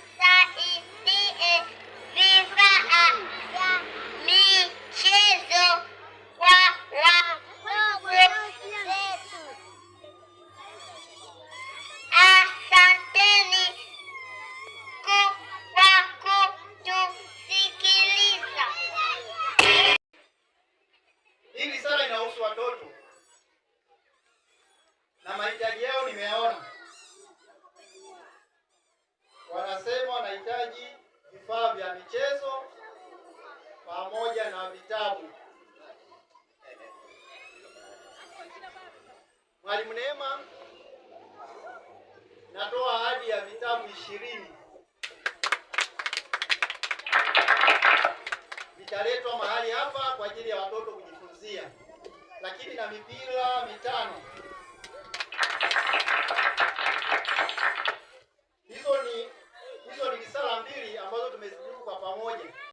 tusaidie vifaa vya michezo kwa wadogo zetu. Asanteni kwa kutusikiliza. Hili sala inahusu watoto na mahitaji yao nimeyaona. wanahitaji vifaa vya michezo pamoja na vitabu. Mwalimu Neema, natoa ahadi ya vitabu ishirini vitaletwa mahali hapa kwa ajili ya watoto kujifunzia, lakini na mipira mitano kwa pamoja.